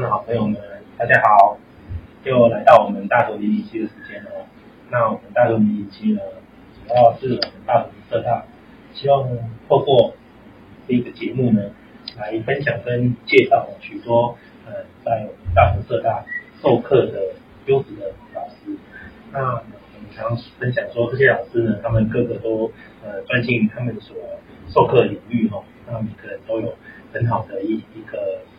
的好朋友們，大家好，又來到我們大屯007的時間了。那我們大屯007呢，主要是我們大屯社大，希望呢透過這個節目呢，來分享跟介紹許多呃，在我們大屯社大授課的優質的老師。那我們常常分享說，這些老師呢，他們個個都呃，專精於他們所授課領域吼，那每個人都有很好的一一個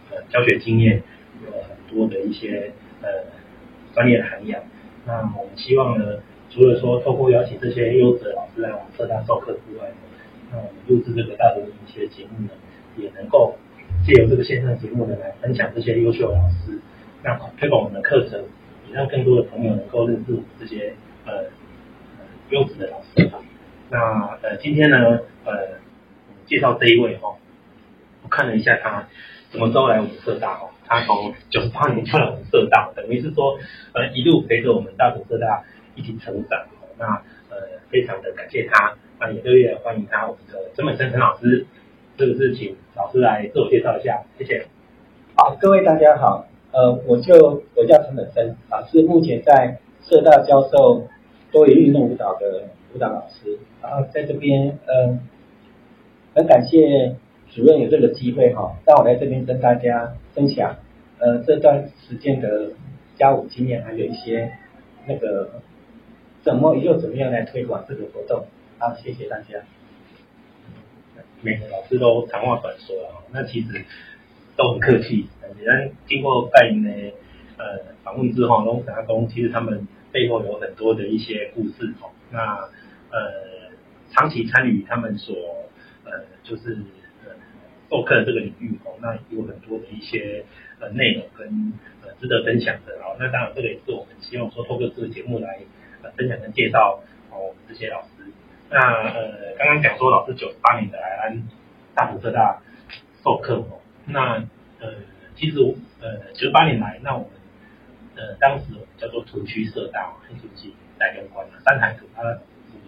呃教學經驗。有很多的一些呃專業的涵養，那我們希望呢，除了說透過邀請這些優質的老師來我們社大授課之外，那我們錄製這個大屯一些節目呢，也能夠借由這個線上節目呢來分享這些優秀老師，那推廣我們的課程，也讓更多的朋友能夠認識我們這些呃優質、呃、的老師。那呃今天呢呃我介紹這一位哦，我看了一下他怎麼招來我們社大哦。他從九八年跳到我們社大，等於是說，呃，一路陪着我們大屯社大一起成長哦。那呃，非常的感謝他，那也熱烈歡迎他。我們的陳本生陳老師，這個是請老師來自我介紹一下，謝謝。好，各位大家好，呃，我就我叫陳本生，啊，是目前在社大教授多元運動舞蹈的舞蹈老師，然、啊、後在這邊，呃很感謝。主任有這個機會哈，讓我來這邊跟大家分享，呃，這段時間的教舞經驗，還有一些那個怎麼又怎麼樣來推廣這個活動。好，啊，謝謝大家。每個老師都長話短說啊，那其實都很客氣。既然經過帶領的呃訪問之後，龍達東其實他們背後有很多的一些故事，那呃，長期參與他們所呃就是。授課的這個領域哦，那有很多的一些呃內容跟呃值得分享的哦。那當然，這個也是我們希望說透過這個節目來分享跟介紹哦這些老師。那呃剛剛講說老師九十八年的來安大屯社大授課哦，那呃其實呃九十八年來，那我們呃當時我們叫做屯區社大哦，還就是在跟關三台，他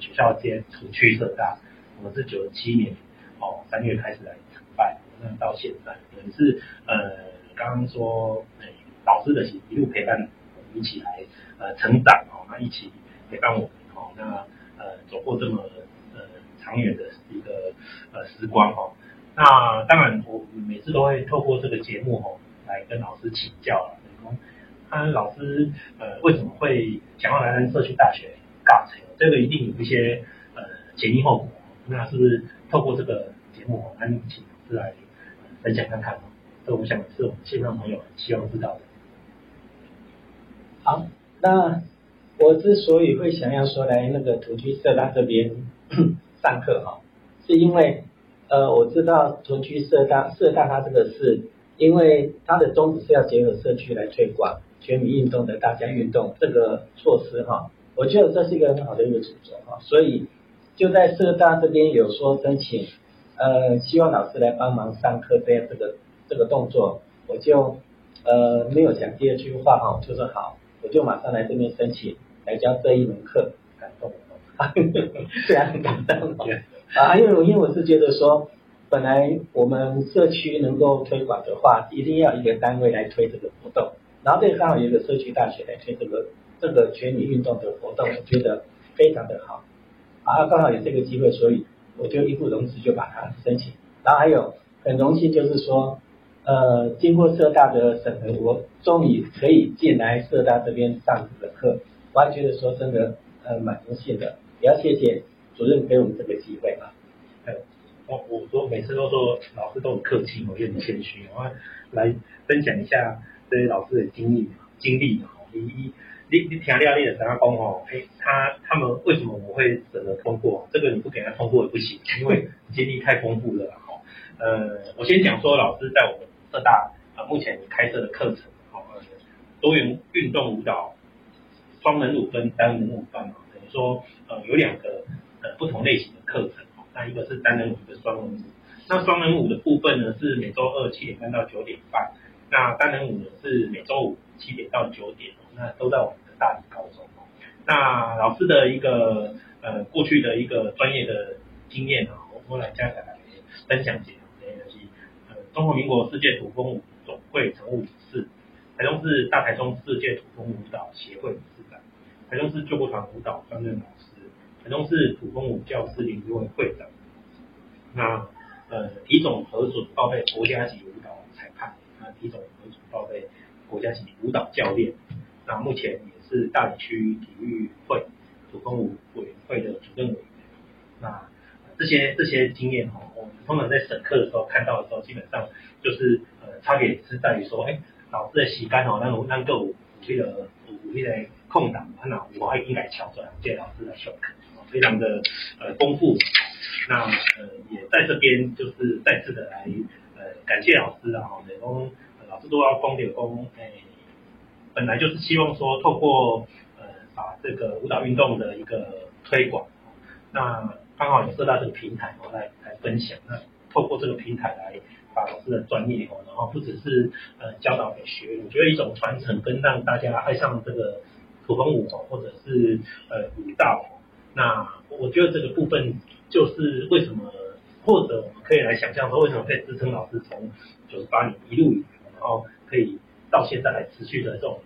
學校間屯區社大，我們是九七、啊、年哦三月開始來。那到現在也是呃，剛剛說，呃、欸，老師的行一路陪伴我，我們一起來呃成長哦，那一起陪伴我們哦，那呃走過這麼呃長遠的一個呃時光哦，那當然我每次都會透過這個節目哦，來跟老師請教了，嗯、就是，他、啊、老師呃為什麼會想要來，來社區大學搞成？這個一定有一些呃前因後果，那是不是透過這個節目哦，來請老師來？很想看看，這我想是我們線上朋友希望知道的。好，那我之所以會想要說來那個大屯社大這邊上課哈，是因為呃，我知道大屯社大社大它這個是，因為它的宗旨是要結合社區來推廣全民運動的大家運動這個措施哈，我覺得這是一個很好的一個舉措哈，所以就在社大這邊有說申請。呃，希望老師來幫忙上課，這樣這個這個動作，我就呃沒有講第二句話哈、哦，就說、是、好，我就馬上來這邊申請來教這一門課，感動，哈、哦、哈，非很感動，啊，因為因為我是覺得說，本來我們社區能夠推廣的話，一定要一個單位來推這個活動，然後這剛好有一個社區大學來推這個這個全民運動的活動，我覺得非常的好，啊，剛好有這個機會，所以。我就義不容辭就把它申請，然後還有很榮幸，就是說，呃，經過社大的審核，我終於可以進來社大這邊上這個課，我還覺得說真的，呃，蠻榮幸的，也要謝謝主任給我們這個機會啊。還有我，我說每次都說老師都很客氣，我也很謙虛，然後來分享一下這些老師的經歷經歷嘛，以你你填料你的、啊、其他工哦，嘿、欸，他他們為什麼我會捨得通過？這個你不給他通過也不行，因為經歷太豐富了吼。呃，我先講說，老師在我們四大呃，目前開設的課程吼，呃，多元運動舞蹈、雙人舞跟單人舞班嘛，等於說呃有兩個呃不同類型的課程吼。那一個是單人舞跟雙人舞，那雙人舞的部分呢是每周二七點半到九點半，那單人舞呢，是每周五七點到九點。那都在我們的大里高中哦。那老師的一個呃過去的一個專業的經驗啊，我們來接下來分享一下。些呃中華民國世界土風舞總會常務理事，台中市大台中世界土風舞蹈協會理事長，台中市救國團舞蹈專任老師，台中市土風舞教師聯誼會會長。那呃體總核准報備國家級舞蹈裁判，那體總核准報備國家級舞蹈教練。那目前也是大里區體育會土風舞委員會的主任委員。那這些這些經驗哈，我們通常在審課的時候看到的時候，基本上就是呃差別是在於說，哎、欸，老師的習慣哦，那那個舞區的舞區來空檔，那我還應該跳轉借老師來授課，非常的呃豐富。那呃也在這邊就是再次的來呃感謝老師啊，每公老師都要封點工，哎、欸。本來就是希望說，透過呃，把這個舞蹈運動的一個推廣，那剛好有設到這個平台哦，來來分享。那透過這個平台來把老師的專業哦，然後不只是，呃教導給學，我覺得一種傳承跟讓大家愛上這個土風舞哦，或者是呃舞蹈。那我覺得這個部分就是為什麼，或者我們可以來想象說，為什麼可以支撐老師從九八年一路以來，然後可以到現在來持續的這種。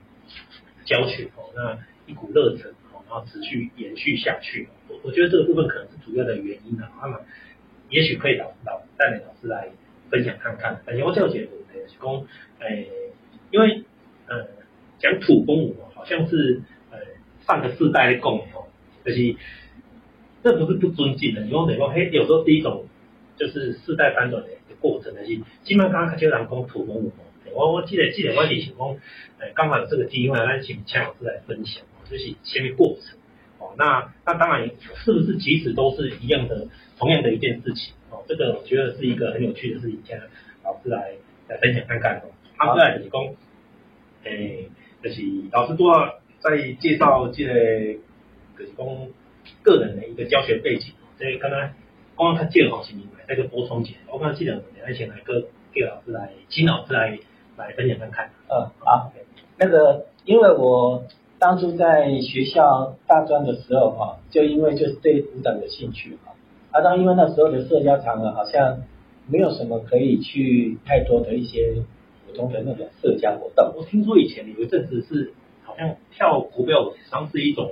交情，那一股熱忱，然後持續延續下去，我覺得這個部分可能是主要的原因呢。那麼，也許可以找老帶領老，老師來分享看看。首先我這角度來講，因為呃講土風舞好像是呃上個世代的供哦，可是那不是不尊敬的，因為美國嘿，有時候是一種就是世代反轉的過程，就是，但是基本上他就講土風舞。我我記得，記得我以前豐，誒、欸，剛好有這個機會，讓請錢老師來分享，就是前面過程哦、喔。那那當然是不是其實都是一樣的，同樣的一件事情哦、喔。這個我覺得是一個很有趣的事情，現在老師來來分享看看哦。他們剛才李工，誒、啊欸，就是老師都要在介紹這個，就是講個人的一個教學背景。所以剛才剛剛他介紹是明白，這個補充起來。我剛剛記得，等請來個叫老師來，錢老師來。來分享分看，看，嗯好、哦啊，那個因為我當初在學校大專的時候哈、啊，就因為就是對舞蹈有興趣啊，當因為那時候的社交場合好像沒有什麼可以去太多的一些普通的那種社交活動，我聽說以前有一陣子是好像跳國標舞好像是一種。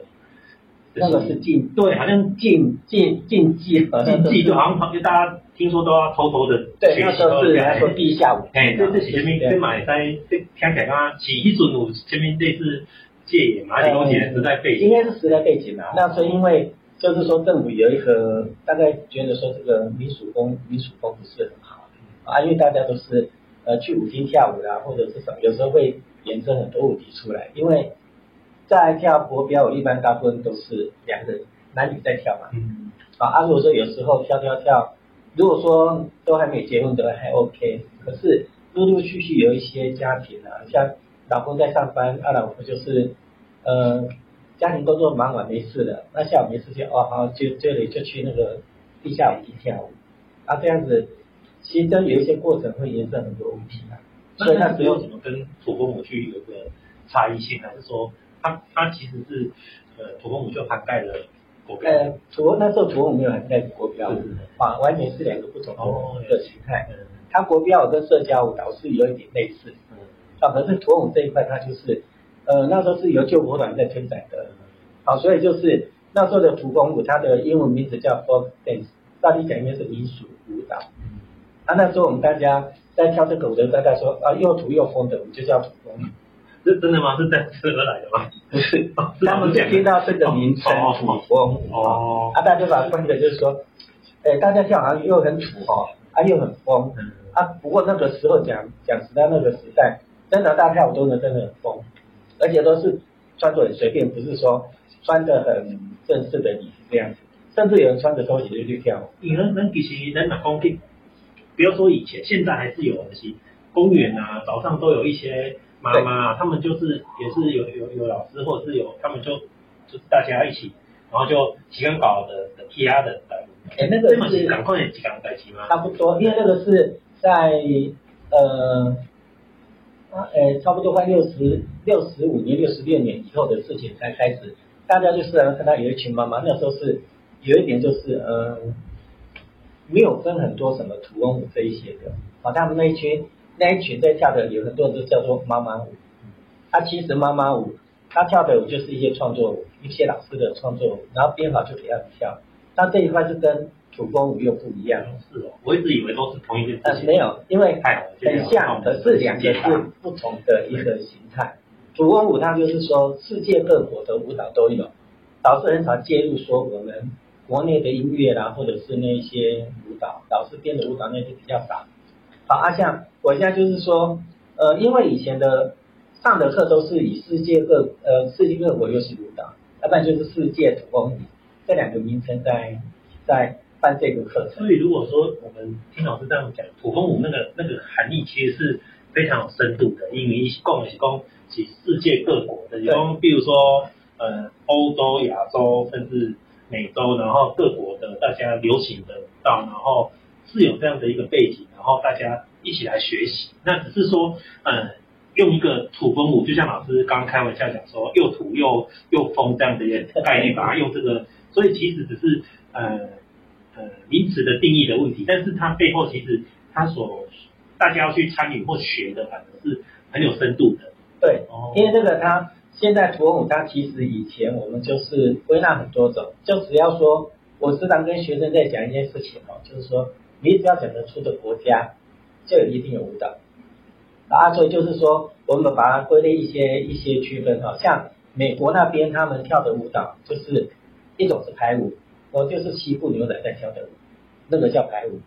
那個是禁是對，好像禁禁禁忌，好像。禁忌就好像就大家聽說都要偷偷的。對，那時候是來說避一下舞。哎、欸，就是前面這馬仔這聽起來他起一尊舞前面這次是戒嚴東西，時代背景，應該是時代背景啦。那時候因為就是說政府有一個、嗯嗯、大概覺得說這個民俗風民俗風不是很好啊，因為大家都是呃去舞廳跳舞啦，或者是什麼，有時候會延伸很多舞集出來，因為。在跳國標，一般大部分都是兩個人，男女在跳嘛。啊，如果說有時候跳跳跳，如果說都還沒結婚的話還 OK，可是陸陸續續續有一些家庭啊，像老公在上班，啊老婆就是，呃，家庭工作忙完沒事了，那下午沒事就哦，好就這裡就，就去那個地下舞廳跳舞。啊，這樣子，其實有一些過程會衍生很多問題啊。嗯，所以那時候怎麼跟祖父母去有個差異性，還是說？它它其實是呃，土風舞就涵蓋了國標，呃，土那時候土風舞沒有涵蓋國標，啊，完全是兩個不同的形態，哦。嗯，它國標跟社交舞蹈是有一點類似。嗯，啊，可是土風舞這一塊它就是，呃，那時候是由救國團在承載的。好，嗯啊，所以就是那時候的土風舞，它的英文名字叫 folk dance，照理講應該是民俗舞蹈。嗯，那、啊、那時候我們大家在跳這個舞的時候，大概說啊，又土又風的，我們就叫土風舞。嗯.是真的嗎？是真吃而來的嗎？不是，啊、是他們是聽到這個名稱、哦、以後、哦，哦，啊，大家就把關的，就是說，哎、哦啊啊，大家跳好像又很土哈，啊，又很瘋、嗯，啊，不過那個時候講講實在，那個時代真的大家跳舞真的真的很瘋，而且都是穿着很隨便，不是說穿的很正式的禮服這樣子，甚至有人穿着拖鞋就去跳。你能恁其實恁的公園，不要說，說以前，現在還是有東西，公園啊，早上都有一些。媽媽，他們就是也是有有有老師，或者是有他們就就是大家一起，然後就幾間搞的的 P R 的，哎、欸，那個是，是幾快，也是幾間在嗎？差不多，因為那個是在呃，呃、啊欸、差不多快六十六十五年、六十六年以後的事情才開始，大家就是看到有一群媽媽，那時候是有一點就是嗯、呃，沒有分很多什麼土風這一些的，好，他們那一群。那一群在跳的有很多人都叫做媽媽舞，他、嗯啊、其實媽媽舞，他跳的舞就是一些創作舞，一些老師的創作舞，然後編好就比較跳。那這一塊就跟土風舞又不一樣。是哦，我一直以為都是同一個，但是沒有，因為很、哎哎、像，可是兩個是不同的一個形態。土風舞它就是說世界各國的舞蹈都有，老師很少介入說我們國內的音樂啦、啊，或者是那一些舞蹈，老師編的舞蹈那些比較少。好，阿、啊、象，我現在就是說，呃，因為以前的上的課都是以世界各呃世界各國流行舞蹈，要不然就是世界土風舞這兩個名稱在在辦這個課程。所以如果說我們聽老師這樣講，土風舞那個那個含義其實是非常有深度的，因為一共一共其世界各國的，比如說呃歐洲、亞洲甚至美洲，然後各國的大家流行的舞蹈，然後。是有這樣的一個背景，然後大家一起來學習。那只是說，呃、嗯，用一個土風舞，就像老師剛剛開玩笑講說，又土又又風這樣的一個概念， 把它用這個。所以其實只是呃呃名詞的定義的問題，但是它背後其實它所大家要去參與或學的，反正是很有深度的。對，哦、因為這個它現在土風舞，它其實以前我們就是歸納很多種，就只要說，我時常跟學生在講一件事情哦，就是說。你只要講得出的國家，就一定有舞蹈。啊，所以就是說，我們把它歸類一些一些區分哈，像美國那邊他們跳的舞蹈，就是一種是排舞，哦，就是西部牛仔在跳的舞，那個叫排舞。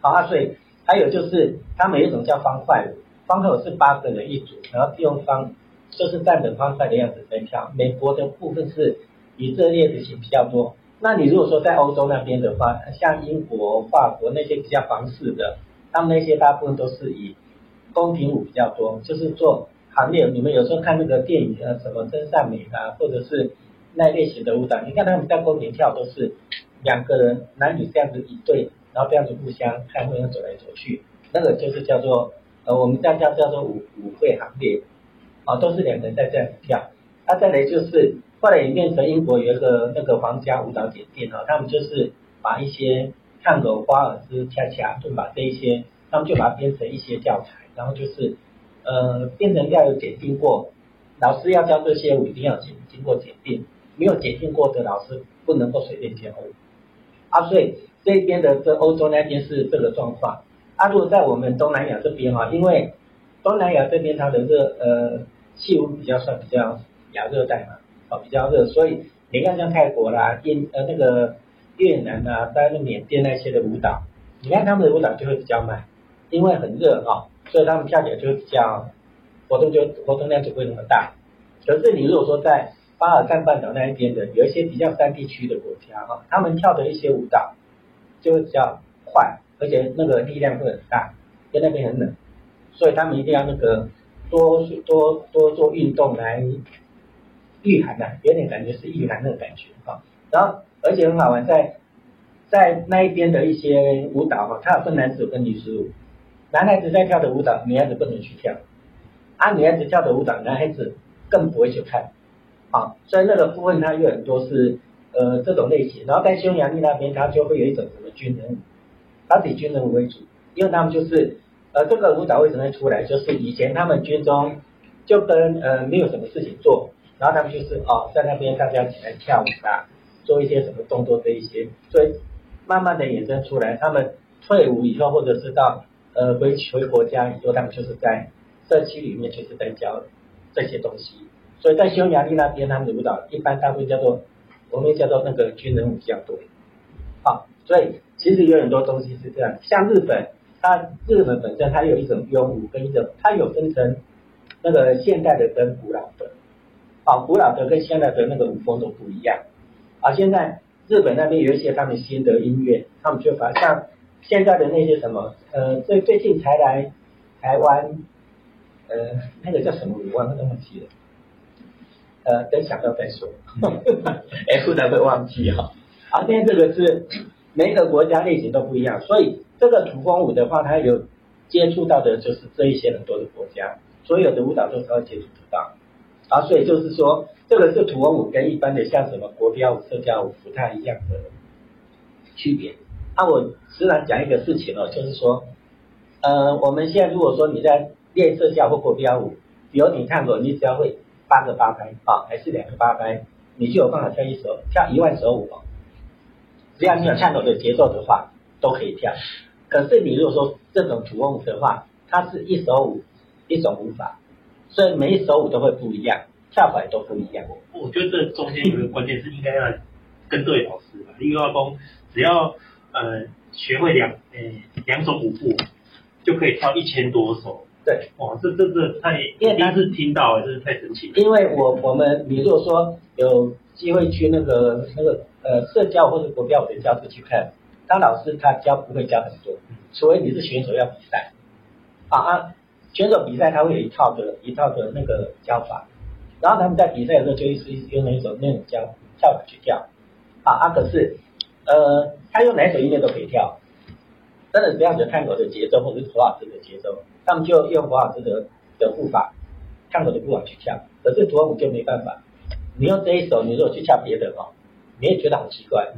好啊，所以還有就是，他們有一種叫方塊舞，方塊舞是八個人一組，然後利用方，就是站等方塊的樣子在跳。美國的部分是以色列的型比較多。那你如果說在歐洲那邊的話，像英國、法國那些比較皇室的，他們那些大部分都是以宮廷舞比較多，就是做行列。你們有時候看那個電影啊，什麼《真善美》啊，或者是那類型的舞蹈，你看他們在宮廷跳都是兩個人男女這樣子一對，然後這樣子互相開會，面走來走去，那個就是叫做呃，我們叫叫叫做舞舞會行列，啊，都是兩個人在這樣子跳。那、啊、再來就是。後來也變成英國有一個那個皇家舞蹈檢定啊，他們就是把一些探戈、華爾茲、恰恰，就把這一些，他們就把它編成一些教材，然後就是，呃，變成要有檢定過，老師要教這些舞一定要經經過檢定，沒有檢定過的老師不能夠隨便教舞啊，所以這邊的這歐洲那邊是這個狀況。啊，如果在我們東南亞這邊啊，因為東南亞這邊它的熱呃氣溫比較算比較亞熱帶嘛。哦，比較熱，所以你看像泰國啦、印呃那個越南啊、包那緬甸那些的舞蹈，你看他們的舞蹈就會比較慢，因為很熱哈、哦，所以他們跳起來就會比較活動就活動量就不會那麼大。可是你如果說在巴爾幹半島那一邊的，有一些比較山地區的國家哈、哦，他們跳的一些舞蹈就會比較快，而且那個力量會很大，在那邊很冷，所以他們一定要那個多多多、多做運動來。御寒的、啊、有點感覺是御寒的感覺啊，然後而且很好玩，在在那一邊的一些舞蹈哈、啊，它有分男子跟女子，男孩子在跳的舞蹈，女孩子不能去跳。啊，女孩子跳的舞蹈，男孩子更不會去看，啊，所以那個部分它有很多是呃這種類型，然後在匈牙利那邊它就會有一種什麼軍人，它是以軍人為主，因為他們就是呃這個舞蹈為什麼會出來，就是以前他們軍中就跟呃沒有什麼事情做。然後他們就是哦，在那邊大家一起來跳舞啊，做一些什麼動作這一些，所以慢慢的衍生出來。他們退伍以後，或者是到呃回回國家以後，他們就是在社區裡面就是在教這些東西。所以在匈牙利那邊，他們的舞蹈一般他會叫做我們叫做那個軍人舞比較多。好，哦，所以其實有很多東西是這樣，像日本，它日本本身它有一種優舞跟一種，它有分成那個現代的跟古老的。好、哦、古老的跟現在的那個舞風都不一樣。而、啊、現在日本那邊有一些他們新的音樂，他們就乏像現在的那些什麼，呃，最最近才來台灣，呃，那個叫什麼舞啊？我忘記了。呃，等想到再說。哎、 欸，不然會忘記哈。而現在這個是每個國家類型都不一樣，所以這個土風舞的話，它有接觸到的就是這一些很多的國家，所有的舞蹈都稍微接觸得到。啊，所以就是說，這個是土風舞跟一般的像什麼國標舞、社交舞不太一樣的區別。那、啊、我實然講一個事情哦，就是說，呃，我們現在如果說你在練社交或國標舞，比如你探戈，你只要會八個八拍啊、哦，還是兩個八拍，你就有辦法跳一首，跳一萬首舞、哦。只要你有探戈的節奏的話，都可以跳。可是你如果說這種土風舞的話，它是一首舞，一種舞法。所以每一首舞都會不一樣，跳法都不一樣。我覺得這中間有一個關鍵是應該要跟對老師吧。因為阿公只要呃學會兩呃兩種舞步，就可以跳一千多首。對，哇，這這這太應該是聽到，這是太神奇。因為我我們你如果說，說有機會去那個那個呃社交或者國標舞的教室去看，當老師他教不會教很多，除非你是選手要比賽啊啊。選手比賽他會有一套的，一套的那個教法，然後他們在比賽的時候就一直用那種那種叫跳法去跳啊。啊，可是，呃，他用哪一首音樂都可以跳，真的是只要你探戈的節奏或者華爾茲的節奏，他們就用華爾茲的的步伐、探戈的步伐去跳。可是土風舞就沒辦法，你用這一首，你如果去跳別的哦，你也覺得好奇怪。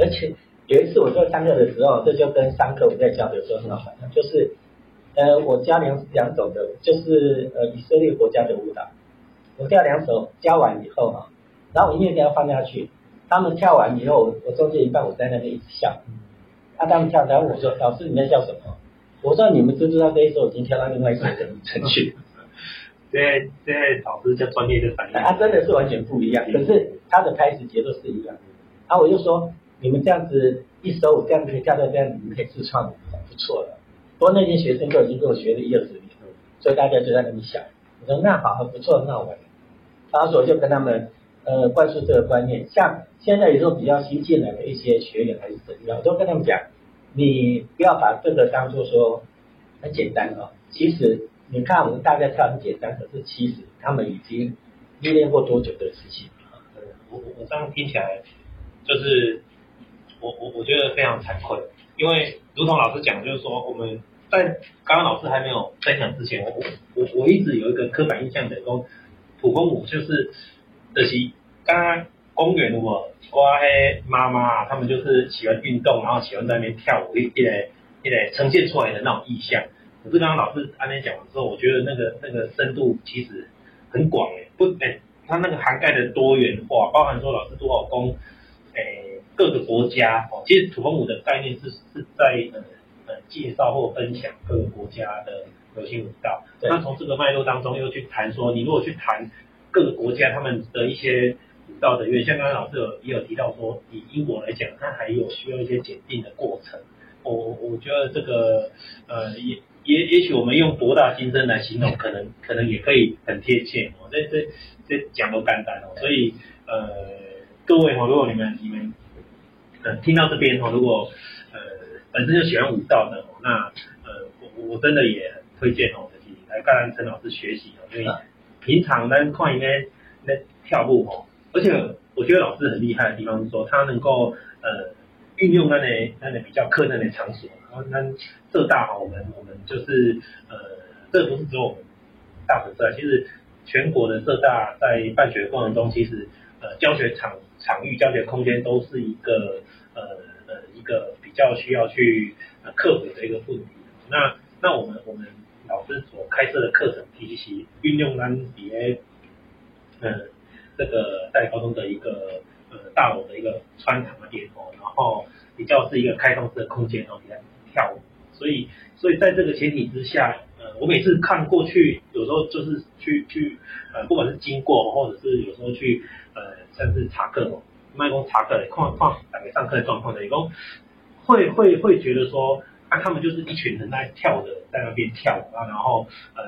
而且有一次我教上課的時候，這就跟三課我們在教的時候很反差，就是。呃，我加兩兩種的，就是呃以色列國家的舞蹈，我跳兩首，加完以後哈、啊，然後我音樂這樣放下去，他們跳完以後，我中間一半我在那邊一直笑，他他們跳，然後我說，老師你在笑什麼？我說，你們知不知道這一首已經跳到另外一個的程序？對，這老師叫專業的反應，他、啊、真的是完全不一樣，可是他的開始節奏是一樣，然、啊、後我就說你們這樣子一首我這樣可以跳到這樣子，你們可以自創，不錯的。不過那些學生就已經跟我學了一二十年了，所以大家就在那裡想。我說那好，很不錯，那我，當時我就跟他們，呃，灌輸這個觀念，像現在有時候比較新進來的一些學員還是怎樣，我都跟他們講，你不要把這個當做說，很簡單哦，其實你看我們大家跳很簡單，可是其實他們已經歷練過多久的事情啊，嗯，我我我這樣聽起來，就是我我我覺得非常慚愧，因為如同老師講，就是說我們。但剛剛老師還沒有分享之前，我我我一直有一個刻板印象的，等於土風舞就是那其，就是，剛剛公園我的我我嘿媽媽他們就是喜歡運動，然後喜歡在那邊跳舞，一一點一來呈現出來的那種意象。可是剛剛老師那邊講的時候，我覺得那個那個深度其實很廣誒，不誒、欸，它那個涵蓋的多元化，包含說老師多少公誒各個國家哦，其實土風舞的概念是是在。呃介紹或分享各個國家的流行舞蹈，嗯、那從這個脈絡當中又去談說，你如果去談各個國家他們的一些舞蹈的樂，像剛剛老師有也有提到說，以英國來講，它還有需要一些檢定的過程。我我我覺得這個呃也也也許我們用博大精深來形容，可能可能也可以很貼切。我、喔、這這這講都干干哦，所以呃各位哦、喔，如果你們你們呃聽到這邊哦、喔，如果。本身就喜歡舞蹈的，那呃，我我真的也很推薦哦，你來跟陳老師學習哦，因為平常呢，跨應該那跳舞哦，而且我覺得老師很厲害的地方是說，他能夠呃運用那呢那呢比較課內的場所，那社大哈，我們我們，我們就是呃，這不是只有我們大學在，其實全國的社大在辦學過程中，其實呃教學場場域、教學空間都是一個呃呃一個。比較需要去、呃、克服的一個問題。那那我們我們老師所開設的課程，其實運用單碟，呃，這個在高中的一個呃大樓的一個穿堂的點哦，然後比較是一個開放式的空間，然後你跳舞。所以所以在這個前提之下，呃，我每次看過去，有時候就是去去呃，不管是經過或者是有時候去呃，像是查課哦，麥克查課，框框，看看兩個上課的狀況的，一共。會會會覺得說，啊，他們就是一群人在跳的，在那邊跳啊，然後呃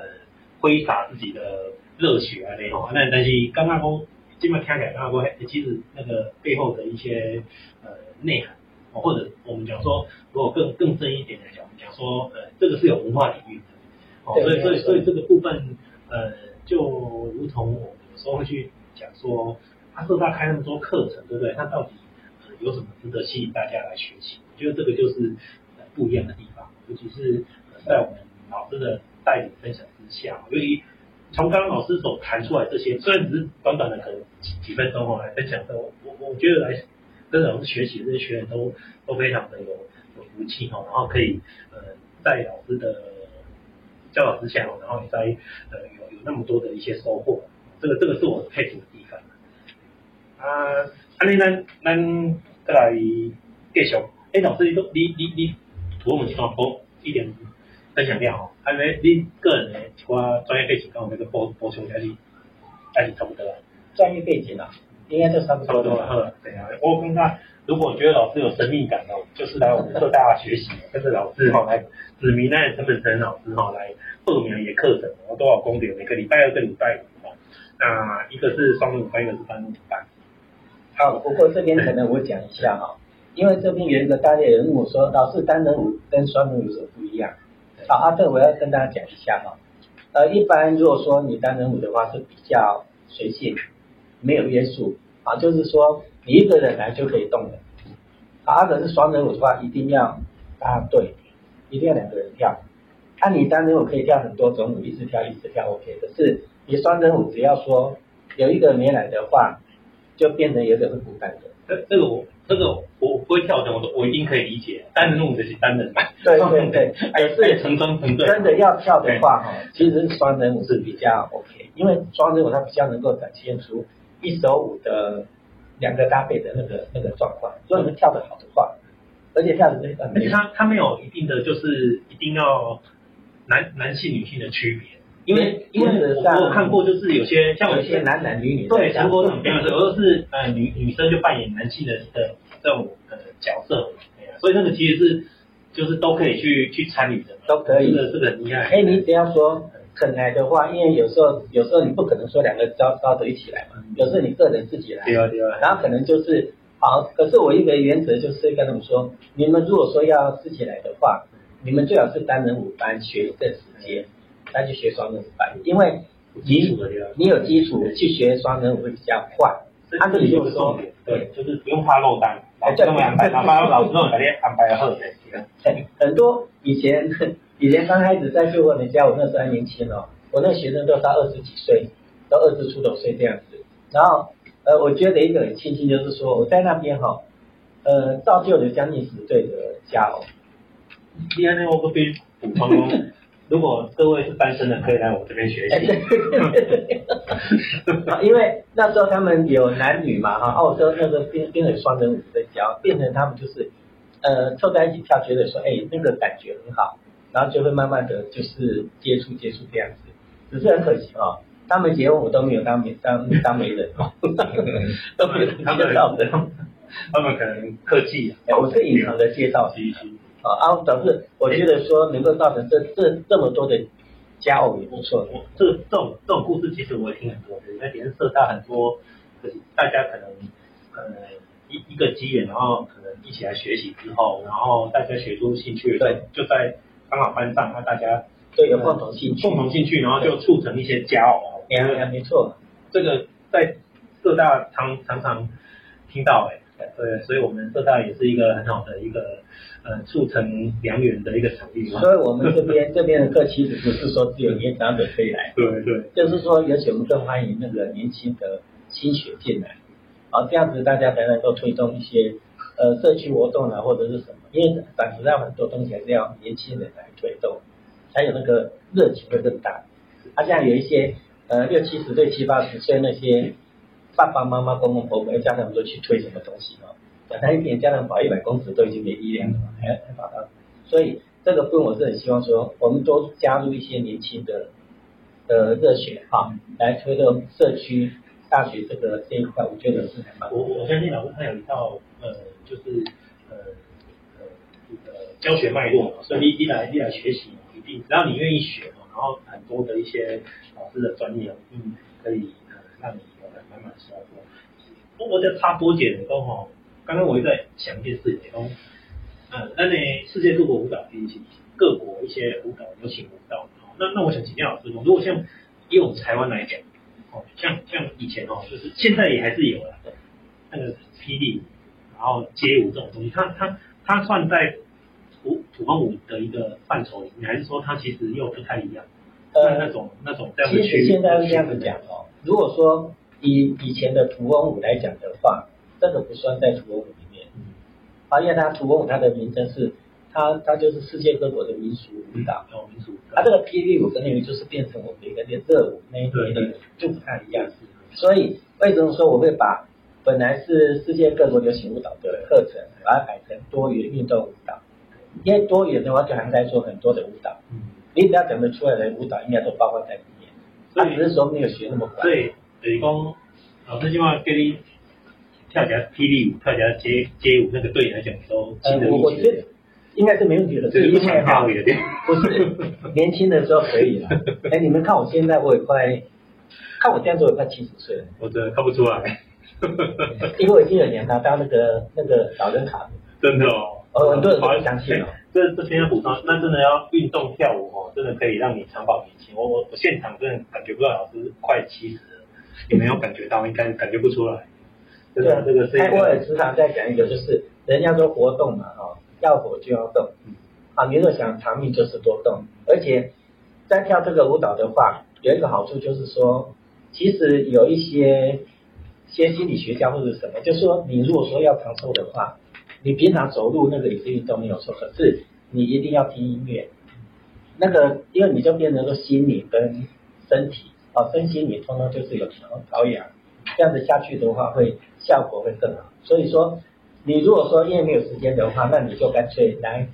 揮灑自己的熱血啊那種那、哦、但，但是剛剛剛這麼聽起來說，剛、欸、剛其實那個背後的一些呃內涵、哦，或者我們講說，如果更更深一點來講，講說呃這個是有文化底蘊的哦。所以所以所以這個部分呃就如同我有時候會去講說，他、啊、說他開那麼多課程，對不對？他到底呃有什麼值得吸引大家來學習？我覺得這個就是不一樣的地方，尤其是在我們老師的帶領分享之下，所以從剛剛老師所談出來這些，雖然只是短短的可能幾分鐘哦來分享，但我我覺得來跟老師學習這些學員都都非常的有有福氣哦，然後可以呃在老師的教導之下，然後你在呃有有那麼多的一些收穫，這個這個是我的佩服的地方。啊、呃，阿力，再來在介紹。哎，老師，你都你你你，給我們幾段播一點分享量哦，還有你個人的幾掛專業背景，跟我們來播播出，播出還是，你，是差不多，專業背景啊，應該就差不多，差不多了，對啊。OK，那如果覺得老師有神秘感的，就是來 我們課大家學習，跟着老師哈、哦、來， 子民呢，程本琛老師哈、哦、來報名也課程，然後多少公里，每個禮拜二跟禮拜五，哦，那一個是雙人班，一個是單人班。好，不過這邊可能我講一下哈。因為這邊有一個單人舞，說老是單人舞跟雙人舞是不一樣。啊，這個我要跟大家講一下哈。呃，一般如果說你單人舞的話是比較隨性，沒有約束啊，就是說你一個人來就可以動的。啊，如果是雙人舞的話，一定要啊對，一定要兩個人跳。那、啊、你單人舞可以跳很多種舞，一直跳一直跳 OK。可是你雙人舞只要說有一個人沒來的話，就變得有點是孤單的。這個我。這個我,我不會跳的，我都我一定可以理解。單人舞就是單人、嗯，對對對，而且成雙成對。真的要跳的話，哈，其實雙人舞是比較 OK，因為雙人舞它比較能夠展現出一首舞的兩個搭配的那個那個狀況。如果你們跳的好的話，而且跳的很很，而且它它沒有一定的就是一定要男男性女性的區別，因為因為我看過就是有些像有些男男女女的對，如果就是而是呃女女生就扮演男性的的。這種呃角色，啊，所以那個其實是就是都可以去，嗯、去參與的，都可以，這個，是個很厲害。哎、欸，你只要說肯來的話，因為有時候有時候你不可能說兩個招招都一起來嘛，有時候你個人自己來。對啊，對啊。對啊，然後可能就是好，可是我一個原則就是跟他們說，你們如果說要自己來的話，你們最好是單人舞班學一段時間，再，嗯、去學雙人舞班，因為你基礎的，啊，你有基礎去學雙人舞會比較快。他，啊啊、這裡就是說，對，就是不用怕漏單。來，再安排。老、嗯、爸，老，老安排好、啊、嗯。很多以前以前剛開始在問人家，我那時候還年輕哦，我那學生都才二十幾歲，都二十出頭歲這樣子。然後，呃，我覺得一個很慶幸就是說，我在那邊哈、哦，呃，造就了將近十歲的家哦。嗯嗯嗯嗯嗯嗯嗯 如果各位是單身的，可以來我這邊學習。 因為那時候他們有男女嘛，哈、哦，澳洲那個變變成雙人舞在教，變成他們就是，呃，湊在一起跳，覺得說，哎、欸，那、這個感覺很好，然後就會慢慢的就是接觸接觸這樣子。只是很可惜哦，他們結婚我都沒有當媒當當媒人哦，都沒有介紹的， 他們，他們可能客氣。哎， 我是隱藏的介紹的。啊，啊，導致我覺得說能夠造成這這這麼多的佳偶也不錯。我、嗯、這這種這種故事，其實我也聽很多的。那連色大很多，就是大家可能呃一一,一個機緣，然後可能一起來學習之後，然後大家學出興趣，對，就在剛好班上，那大家對、呃、有共同興共同興趣，然後就促成一些佳偶，對對沒錯。這個在色大常常常聽到誒、欸，對，所以我們色大也是一個很好的一個。呃，促成良緣的一個場地。所以，我們這邊這邊的課其實不是說只有年長者可以來， 對對、對，就是說，尤其我們更歡迎那個年輕的新血進來，啊、哦，這樣子大家才能夠推動一些，呃，社區活動啊，或者是什麼，因為暫時還有很多東西還是要年輕人來推動，才有那個熱情會更大。啊，像有一些呃六七十歲、七八十歲那些爸爸媽媽咕咕咕咕咕、公公婆婆、家長都去推什麼東西啊？簡單一年家長跑一百公尺都已經沒力量了，還要還跑啊？所以這個部分我是很希望說，我們多加入一些年輕的的熱血哈、嗯，來推動社區大學這個這一塊，我覺得是還蠻、嗯。我我相信老師他有一套呃，就是呃呃這個教學脈絡嘛、嗯，所以一來你來學習，一定只要你願意學，然後很多的一些老師的專業嗯，可以呃讓你來慢慢深入。不過這差多一點的都好。剛剛我也在想一件事情哦，嗯，那你世界各國舞蹈，一些各國一些舞蹈有請舞蹈，那那我想請廖老師，如果像用台灣來講哦，像像以前哦，就是現在也還是有啦，那個霹靂舞，然後街舞這種東西，它它它算在土土風舞的一個範疇裡，你還是說它其實又不太一樣？呃，那種那種在區現在是這樣子講哦、呃喔，如果說以以前的土風舞來講的話。真的不算在土風舞裡面。嗯，發現它土風舞它的名稱是，它它就是世界各國的民俗舞蹈，然、嗯、後、哦、民它、啊、這個霹靂舞跟那個就是變成我們的，熱舞，那一類、那個、就不太一樣。所以為什麼說我會把本來是世界各國流行舞蹈的課程，把它改成多元運動舞蹈？因為多元的話就涵蓋說很多的舞蹈，你只要講得出來的舞蹈應該都包括在裡面。所以有時候沒有學那麼廣，對，等於講，哦，最起碼跳起來霹靂舞，跳起來街街舞，那個對來講都青春，我覺得應該是沒問題的，對、就是，一千好有點，不是 年輕的時候可以了。哎、欸，你們看我現在，我也快，看我現在都也快七十歲了。我真的看不出來，因為我已經有年了，到那個那個老人卡。真的哦、喔，呃，很多人好像思，相信哦、喔。這這些服裝，是那真的要運動跳舞哦、喔，真的可以讓你長保年輕。我我現場真的感覺不到，老師快七十了，有、嗯、沒有感覺到？應該感覺不出來。對啊，對啊，這個是個人。開普勒時常在講一個，就是人家說活動嘛，哈、哦，要活就要動，啊，你若想長命，就是多動。而且，在跳這個舞蹈的話，有一個好處就是說，其實有一些，些心理學家或者什麼，就是、說你如果說要長壽的話，你平常走路那個也是運動沒有錯，可是你一定要聽音樂，那個，因為你就變成了心理跟身體啊、哦、身心理，通常就是有調調養。這樣子下去的話，會效果會更好。所以說，你如果說因為沒有時間的話，那你就乾脆來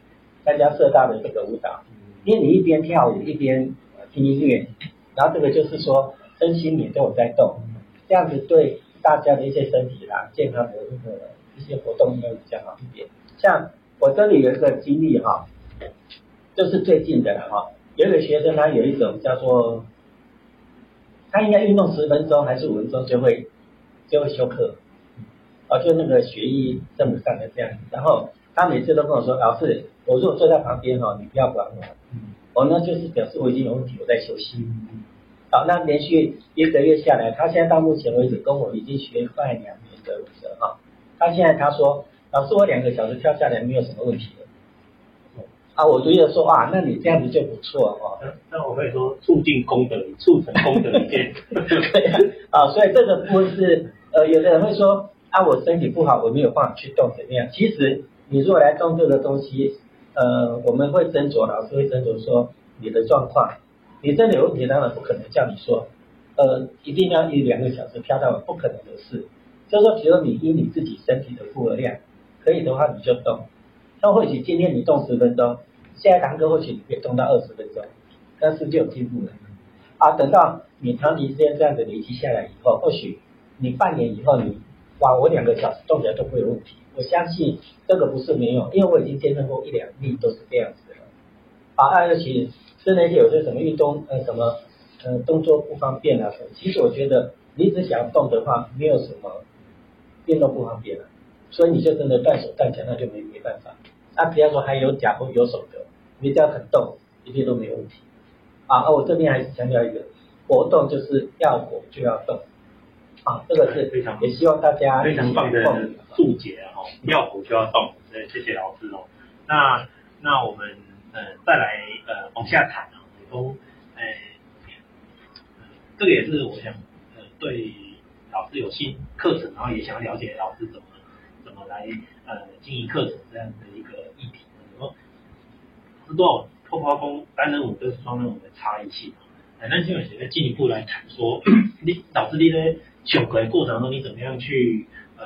參加社大的這個舞蹈，因為你一邊跳舞一邊聽音樂，然後這個就是說，身心你都有在動，這樣子對大家的一些身體啦、健康的那個一些活動也會比較好一點。像我這裡有一個經歷哈，就是最近的哈，有一個學生他有一種叫做。他應該運動十分鐘還是五分鐘就會就會休克，啊，就那個學醫這麼幹的這樣。然後他每次都跟我說：“老師，我如果坐在旁邊哈，你不要管我，嗯、我呢就是表示我已經有問題，我在休息。嗯嗯”好、啊，那連續一個月下來，他現在到目前為止跟我已經學快兩年的舞者哈。他現在他說：“老師，我兩個小時跳下來沒有什麼問題的。”啊，我覺得說啊，那你這樣子就不錯哦、嗯。那我會說促進功德，促成功德一點， 對不、啊、對？啊，所以這個不是呃，有的人會說啊，我身體不好，我沒有辦法去動，怎麼樣？其實你如果來動這個東西，呃，我們會斟酌，老師會斟酌說你的狀況，你真的有問題，當然不可能叫你說，呃，一定要一兩個小時飄到，不可能的事。就是、說只有你因你自己身體的負荷量，可以的話你就動。那或許今天你動十分鐘，下一堂課，或許你可以動到二十分鐘，但是就有進步了。啊，等到你長期時間這樣子累積下來以後，或許你半年以後你，哇，我兩個小時動起來都不會有問題。我相信這個不是沒有，因為我已經見證過一兩例都是這樣子的。啊，而且是那些有些什麼運動呃什麼呃動作不方便啊，其實我覺得你只想動的話，沒有什麼，運動不方便了。啊，所以你就真的斷手斷腳那就沒沒辦法。那、啊、比方說還有假或有舍得，你只要肯動，一切都沒問題啊。那、啊、我這邊還是強調一個，活動就是要活就要動，啊，這個是非常也希望大家一非常棒棒、哦，杜絕哈，要活就要動。對，謝謝老師哦。那那我們呃再來呃往下談哦、啊，都，哎、呃呃，這個也是我想呃對老師有興趣課程，然後也想要了解老師怎麼怎麼來。呃，經營課程這樣的一個議題，然後是多少破拋弓單人舞跟雙人舞的差異性。那那請問，誰在，在進一步來談說，嗯、你老師你在選擇的過程中，你怎麼樣去呃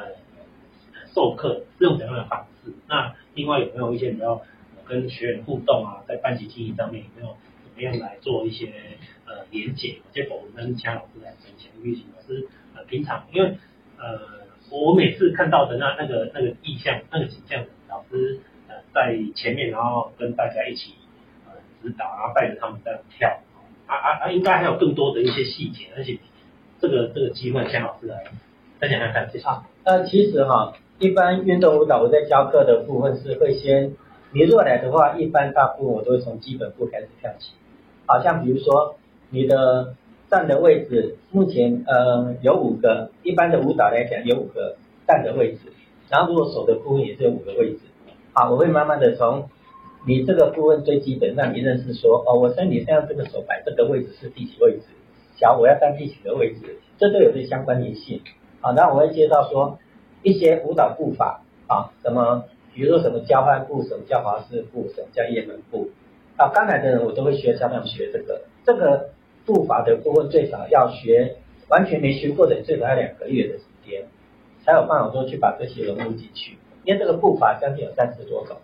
授課，用怎麼樣的方式？那另外有沒有一些你要跟學員互動啊，在班級經營上面有沒有怎麼樣來做一些呃連結？結果我跟其他老師來分享的運行，老師呃平常因為呃。我每次看到的那個、那個那個意象，那個景象的，老師呃在前面，然後跟大家一起呃指導，然後帶着他們這樣跳，啊啊啊，應該還有更多的一些細節，而且這個這個機會，先老師來再講講看看，介紹。那、啊呃、其實哈，一般運動舞蹈我在教課的部分是會先，你如果來的話，一般大部分我都會從基本步開始跳起，好像比如說你的，站的位置目前呃有五個，一般的舞蹈來講有五個站的位置，然後如果手的部分也是有五個位置，好、啊，我會慢慢的從你這個部分最基本讓你認識說哦，我身體身上這個手擺這個位置是第幾位置，腳我要站第幾個位置，這都有些相關聯繫，好、啊，然後我會介紹說一些舞蹈步法，啊，什麼比如說什麼交換步，什麼叫華氏步，什麼叫燕門步，啊，剛來的人我都會學，他們學這個，這個。步伐的部分最少要學，完全沒學過的，最少要兩個月的時間，才有辦法說去把這些融入進去。因為這個步伐將近有三十多種，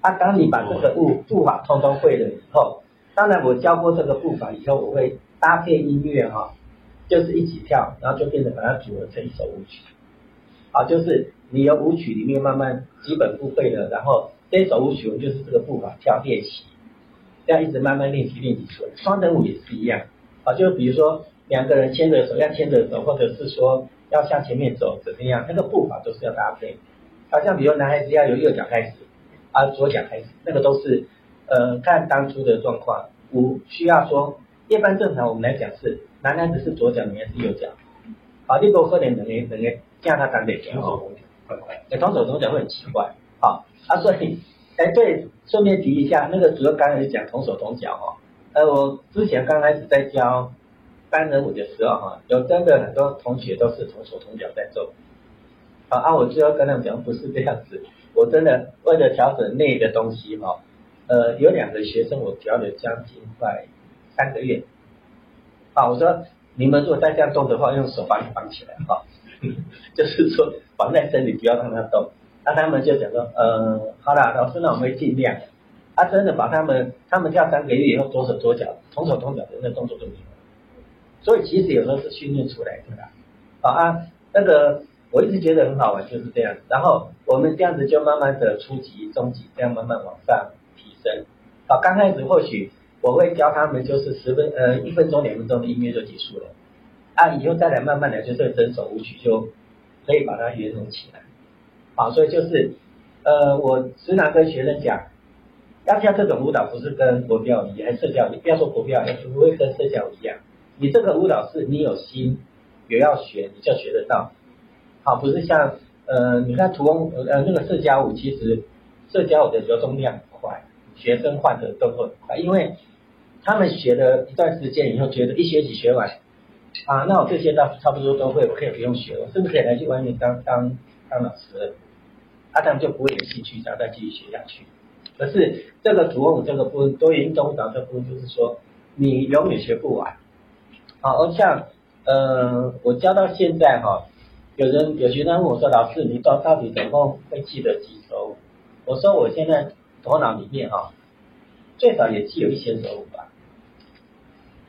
啊，當你把這個步步伐通通會了以後，當然我教過這個步伐以後，我會搭配音樂哈，就是一起跳，然後就變成把它組合成成一首舞曲。啊，就是你有舞曲裡面慢慢基本步會了，然後這首舞曲我就是這個步伐跳練習。要一直慢慢練習，練習出來。雙人舞也是一樣，啊，就比如說兩個人牽着手要牽着手，或者是說要向前面走怎麼樣，那個步伐都是要搭配。好像比如男孩子要由右腳開始，啊，左腳開始，那個都是，呃，看當初的狀況。不需要說，一般正常我們來講是男孩子是左腳，女孩子是右腳。好，就多喝點冷飲，冷飲叫他長點肌肉。你左手左腳會很奇怪，好，啊，所以。哎、欸，對，順便提一下，那個主要剛才講同手同腳哦，呃，我之前剛開始在教單人舞的時候哈，有真的很多同學都是同手同腳在做。啊，我最後跟他們講不是這樣子，我真的為了調整那個的東西哈。呃，有兩個學生我調了將近快三個月。啊，我說你們如果再這樣動的話，用手把你綁起來哈，就是說綁在身體，不要讓它動。那、啊、他們就講說，嗯、呃，好啦，老師，那我們會儘量。啊，真的，把他們，他們跳三個月以後，左手、左腳，同手、同腳的那個動作就沒了。所以其實有時候是訓練出來的啦。好啊，那個我一直覺得很好玩，就是這樣。然後我們這樣子就慢慢的初級、中級，這樣慢慢往上提升。好、啊，剛開始或許我會教他們就是十分呃一分鐘、兩分鐘的音樂就結束了。啊，以後再來慢慢的，就是整首舞曲就可以把它圓融起來。好，所以就是，呃，我時常跟學生講，大家跳這種舞蹈，不是跟國標舞一樣，社交舞，不要說國標舞，也不會跟社交舞一樣。你這個舞蹈是你有心，有要學，你就學得到。好，不是像，呃，你看圖，圖文呃，那個社交舞，其實社交舞的流動量很快，學生換的都很快，因為他們學了一段時間以後，覺得一學期學，學完，啊，那我這些倒，差不多都會，我可以不用學，我甚至可以來去外面當當當老師。他當然就不會有興趣，然後再繼續學下去。可是這個主五這個部分，多元運動舞蹈這個部分，就是說你永遠學不完。好，哦、像呃，我教到現在哈、哦，有人有學生問我說：“老師，你到到底總共會記得幾首舞？”我說：“我現在頭腦裡面哈，最少也記有一千首舞吧。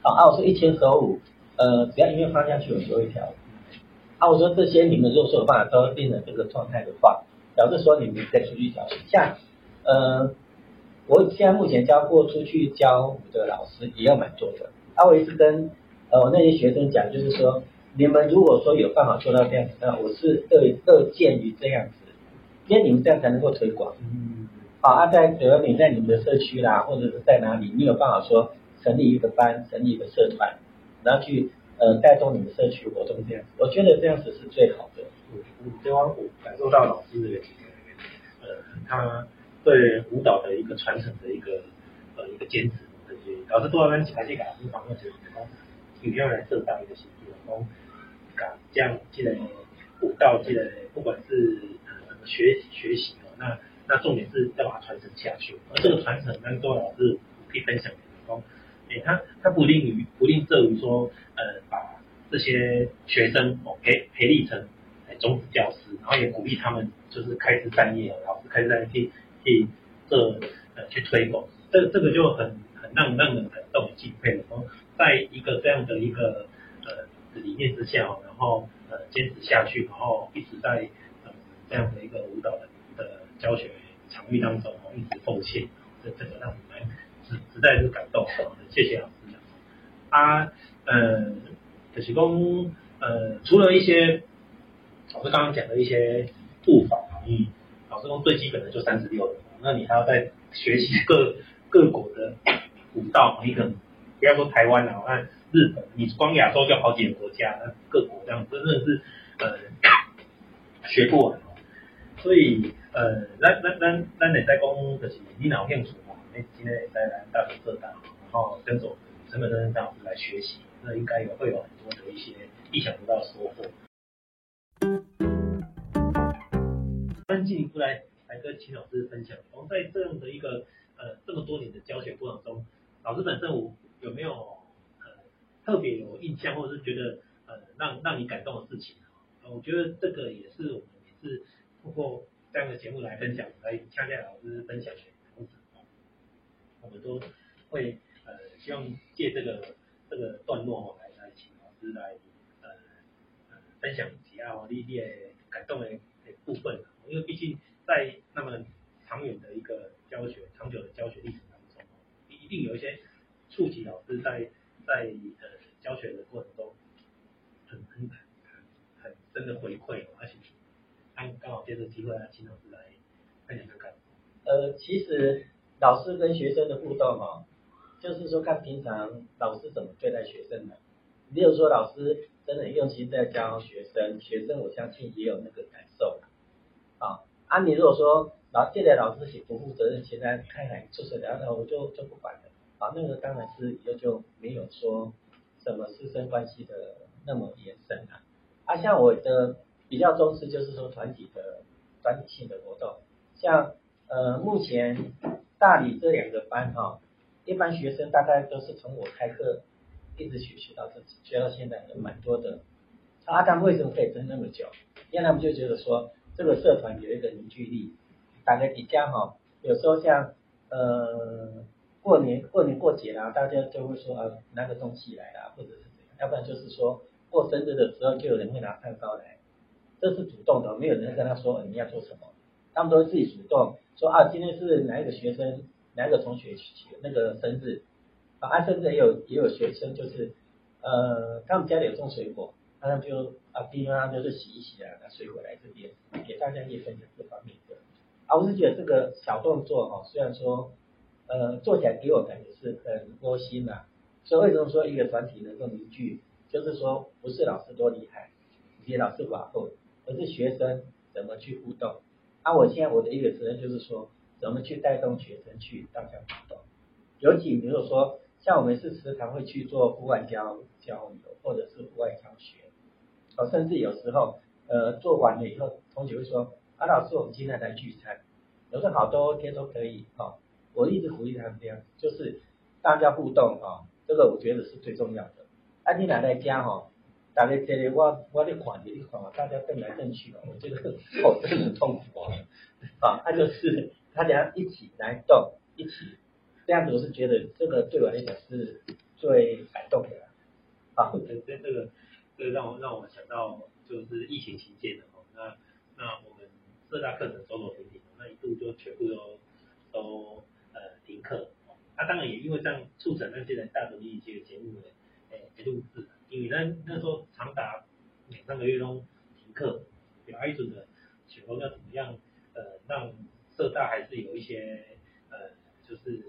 好”好、啊，我說一千首舞，呃，只要音樂放下去，我就會跳。啊，我說這些你們如果說有辦法都會變成這個狀態的話。假設說你們再出去教一下，呃，我現在目前教過出去教的老師，也有蠻多的。啊，我是跟，呃，我那些學生講，就是說，你們如果說有辦法做到這樣子，那我是樂樂見於這樣子，因為你們這樣才能夠推廣。嗯，好、啊，啊在，比如你在你們的社區啦，或者是在哪裡，你有辦法說成立一個班，成立一個社團，然後去呃帶動你們社區活動這樣子，我覺得這樣子是最好的。嗯，嗯，這我感受到老師這個，呃，他對舞蹈的一個傳承的一個，呃，一個堅持。對老老要，老師做阿們講這個，你反而就是講，你要來做到一個程度，講講，這個舞蹈，這個不管是呃怎麼學學習哦，那那重點是要把它傳承下去。而這個傳承，剛剛老師我可以分享給，講，哎、欸，他他不令於不令至於說，呃，把這些學生，OK，培力成，種子教師，然後也鼓勵他們，就是開枝散葉，然後是開枝散葉去去這呃去推廣，這這個就很很讓讓人感動敬佩的。然、呃、後在一個這樣的一個呃理念之下，然後呃堅持下去，然後一直在、呃、這樣的一個舞蹈的、呃、教學場域當中、呃、一直奉獻，這這個讓我們直實在是感動。呃、謝謝老師。啊呃，可、就是講呃，除了一些。老師剛剛講的一些步法，嗯，老師說，最基本的就三十六了，那你還要再學習各各國的舞蹈，你可能不要說台灣啦，那日本，你光亞洲就好幾個國家，那各國這樣，真的是呃、嗯、學不完哦。所以呃，那那那那也在講，可就是你老興趣嘛，那今天也在來到浙大，然後跟着程本琛老師來學習，那應該也會有很多的一些意想不到的收穫。跟進一步來來跟秦老師分享，從在這樣的一個呃這麼多年的教學過程中，老師本身我有沒有呃特別有印象，或者是覺得呃讓讓你感動的事情？我覺得這個也是我們也是通過這樣的節目來分享，來跟秦老師分享的同時，我們都會呃希望借這個這個段落哈，來來請老師來呃呃分享一下哦，你你感動的的部分。因為畢竟在那麼長遠的一個教學、長久的教學歷程當中，一定有一些觸及老師在在呃教學的過程中很很很很深的回饋，而且有剛好借著機會啊，請老師來分享看看。呃，其實老師跟學生的互動哦、喔，就是說看平常老師怎麼對待學生的，比如說，老師真的很用心在教學生，學生我相信也有那個感受。啊，啊你如果說，然後這老師不負責任，現在看來就是了，聊，我就就不管了。啊，那個當然是就就沒有說什麼師生關係的那麼延伸了、啊。啊，像我的比較重視就是說，團體的團體性的活動，像呃目前大理這兩個班哈、啊，一般學生大概都是從我開課一直學習到這，學到現在有蠻多的。阿、啊、剛為什麼可以撐那麼久？因為他們就覺得說。這個社團有一個凝聚力，打個比方哈，有時候像呃過年過年過節啊，大家就會說啊拿個東西來啊，或者是怎樣，要不然就是說過生日的時候就有人會拿蛋糕來，這是主動的，沒有人跟他說，啊，你要做什麼，他們都是自己主動說啊今天是哪一個學生哪一個同學去那個生日，啊甚至也有也有學生就是呃他們家裡有種水果。那就啊，基本，啊啊啊，就是洗一洗啊，那水果來這邊給大家也分享這方面的啊。我是覺得這個小動作哈，啊，雖然說呃做起來給我感覺是很窩心吶。所以為什麼說一個團體能這麼凝聚？就是說不是老師多厲害，也老師往後，而是學生怎麼去互動。那，啊，我現在我的一個責任就是說，怎麼去帶動學生去大家互動。尤其比如說像我們是時常會去做戶外交交流，或者是戶外教學。甚至有時候，呃，做完了以後，同學會說：“啊老師，我們今天來，來聚餐。”有時候好多天都可以哦。我一直鼓勵他們這樣，就是大家互動哦，這個我覺得是最重要的。啊，你奶奶講哦？大家這裡我我看你看你一看，大家跟來跟去我覺得哦，真的很痛苦哦。啊，他就是他倆一起來動，一起這樣子，我是覺得這個對我來講是最感動的。啊，對、哦、對對，這個。所以讓我讓我想到，就是疫情期間的哦，那那我們社大課程走走停停，那一度就全部都都呃停課，那、啊、當然也因為這樣促成那些人大多利這個節目呢，哎、呃，一不是，因為那那時候長達兩三個月都停課，有以准的，想說要怎麼樣呃讓社大還是有一些呃就是，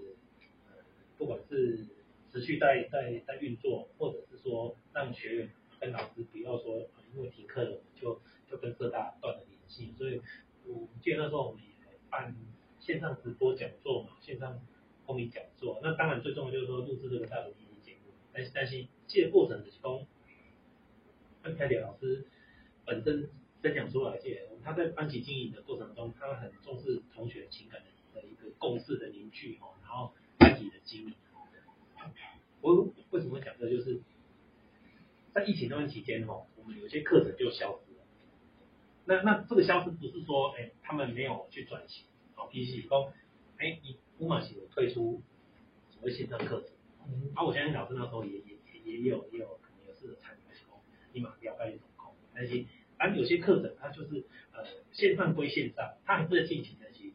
呃不管是持續在在在，在運作，或者是說讓學員。跟老師不要說、嗯，因為停課了就就跟浙大斷了聯繫，所以，我記得那時候我們也辦線上直播講座嘛，線上公益講座。那當然最重要就是說，錄製這個大的第一節目，但是但是這個過程之中，潘開里老師本身分享出來借，他在班級經營的過程中，他很重視同學情感的一個共識的凝聚哈，然後班級的經營。我為什麼講這個？就是在疫情那段期間，我們有些課程就消失了。那那這個消失不是說、欸，他們沒有去轉型，哦，比如說，哎，你不滿意、欸、我退出所謂線上課程？嗯。而、啊、我相信老師那時候也也也也有也有也有可能有產是產生空，你馬上就要開始補空，但是而有些課程它就是呃線上歸線上，它還是在進行的，其實